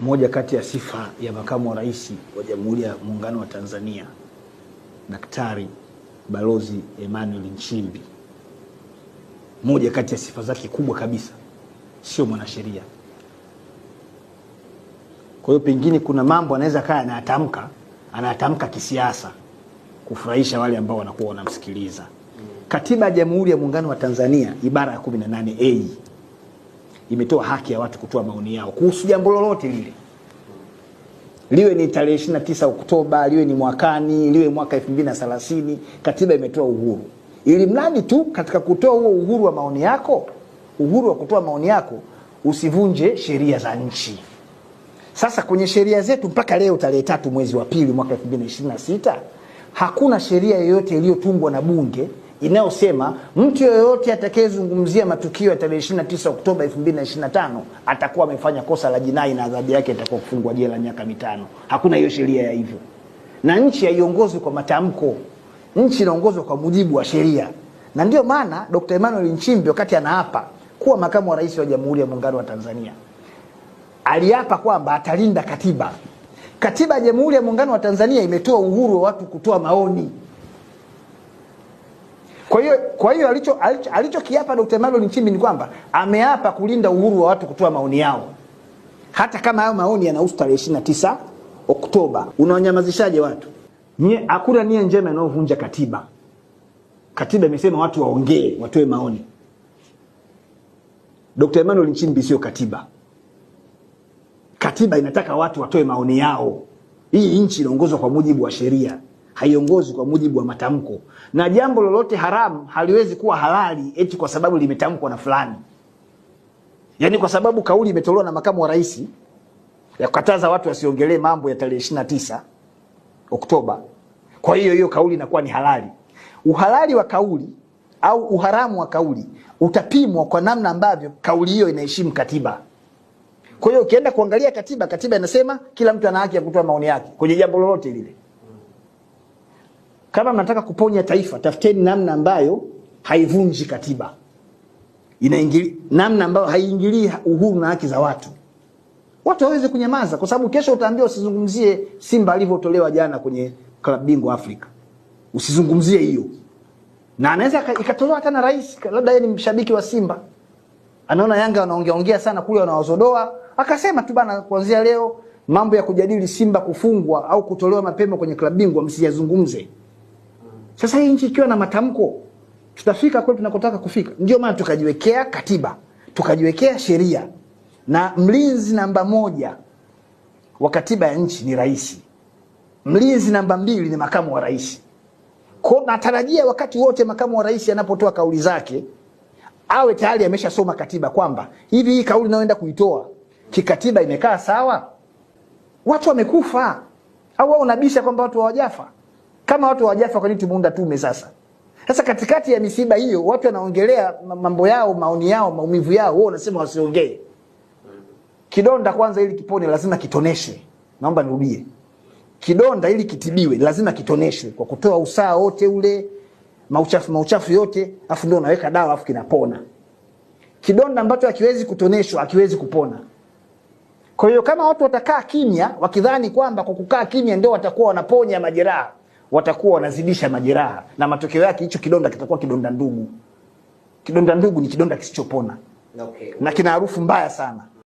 Moja kati ya sifa ya makamu wa rais wa Jamhuri ya Muungano wa Tanzania Daktari Balozi Emmanuel Nchimbi, moja kati ya sifa zake kubwa kabisa, sio mwanasheria. Kwa hiyo pengine kuna mambo anaweza kaa anayatamka, anayatamka kisiasa kufurahisha wale ambao wanakuwa wanamsikiliza. Katiba ya Jamhuri ya Muungano wa Tanzania ibara ya 18A imetoa haki ya watu kutoa maoni yao kuhusu jambo lolote lile liwe ni tarehe 29 Oktoba, liwe ni mwakani, liwe mwaka 2030, katiba imetoa uhuru, ili mradi tu katika kutoa huo uhuru wa maoni yako, uhuru wa kutoa maoni yako usivunje sheria za nchi. Sasa kwenye sheria zetu mpaka leo tarehe tatu mwezi wa pili mwaka 2026 hakuna sheria yoyote iliyotungwa na bunge inayosema mtu yoyote atakayezungumzia matukio ya tarehe 29 Oktoba 2025 atakuwa amefanya kosa la jinai na adhabu yake itakuwa kufungwa jela miaka mitano. Hakuna hiyo sheria ya hivyo, na nchi haiongozwi kwa matamko, nchi inaongozwa kwa mujibu wa sheria, na ndio maana Dr. Emmanuel Nchimbi wakati anaapa kuwa makamu wa rais wa Jamhuri ya Muungano wa Tanzania aliapa kwamba atalinda katiba. Katiba ya Jamhuri ya Muungano wa Tanzania imetoa uhuru wa watu kutoa maoni. Kwa hiyo kwa hiyo alichokiapa alicho, alicho, alicho Dr. Emmanuel Nchimbi ni kwamba ameapa kulinda uhuru wa watu kutoa maoni yao, hata kama hayo maoni yanahusu tarehe 29 Oktoba. Unawanyamazishaje watu? Nye, hakuna nia njema inayovunja katiba. Katiba imesema watu waongee, watoe maoni. Dr. Emmanuel Nchimbi sio katiba. Katiba inataka watu watoe maoni yao. Hii nchi inaongozwa kwa mujibu wa sheria haiongozi kwa mujibu wa matamko, na jambo lolote haramu haliwezi kuwa halali eti kwa sababu limetamkwa na fulani. Yaani kwa sababu kauli imetolewa na makamu wa rais ya kukataza watu wasiongelee mambo ya tarehe 29 Oktoba, kwa hiyo hiyo kauli inakuwa ni halali. Uhalali wa kauli au uharamu wa kauli utapimwa kwa namna ambavyo kauli hiyo inaheshimu katiba. Kwa hiyo ukienda kuangalia katiba, katiba inasema kila mtu ana haki ya kutoa maoni yake kwenye jambo lolote lile. Kama mnataka kuponya taifa, tafuteni namna ambayo haivunji katiba, inaingili namna ambayo haiingilii uhuru na haki za watu. Watu waweze kunyamaza, kwa sababu kesho utaambiwa usizungumzie Simba alivyotolewa jana kwenye klabu bingwa Afrika, usizungumzie hiyo, na anaweza ikatolewa hata na rais, labda yeye ni mshabiki wa Simba, anaona Yanga wanaongea ongea sana kule, wanawazodoa akasema tu bana, kuanzia leo mambo ya kujadili Simba kufungwa au kutolewa mapema kwenye klabu bingwa msiyazungumze. Sasa hii nchi ikiwa na matamko, tutafika kule tunakotaka kufika? Ndio maana tukajiwekea katiba, tukajiwekea sheria, na mlinzi namba moja wa katiba ya nchi ni rais, mlinzi namba mbili ni makamu wa rais. Kwa natarajia wakati wote makamu wa rais anapotoa kauli zake awe tayari ameshasoma katiba kwamba hivi hii kauli nayoenda kuitoa kikatiba imekaa sawa. Watu wamekufa au wao unabisha kwamba watu hawajafa? Kama watu hawajafa, kwa nini tumeunda tume sasa? Sasa katikati ya misiba hiyo, watu wanaongelea mambo yao, maoni yao, maumivu yao, wao wanasema wasiongee. Kidonda kwanza, ili kipone lazima kitoneshe. Naomba nirudie, kidonda ili kitibiwe lazima kitoneshe kwa kutoa usaa wote ule, mauchafu mauchafu yote, afu ndio unaweka dawa, afu kinapona. Kidonda ambacho hakiwezi kutoneshwa hakiwezi kupona. Kwa hiyo kama watu watakaa kimya, wakidhani kwamba kwa kukaa kimya ndio watakuwa wanaponya majeraha watakuwa wanazidisha majeraha, na matokeo yake hicho kidonda kitakuwa kidonda ndugu. Kidonda ndugu ni kidonda kisichopona okay. na kina harufu mbaya sana.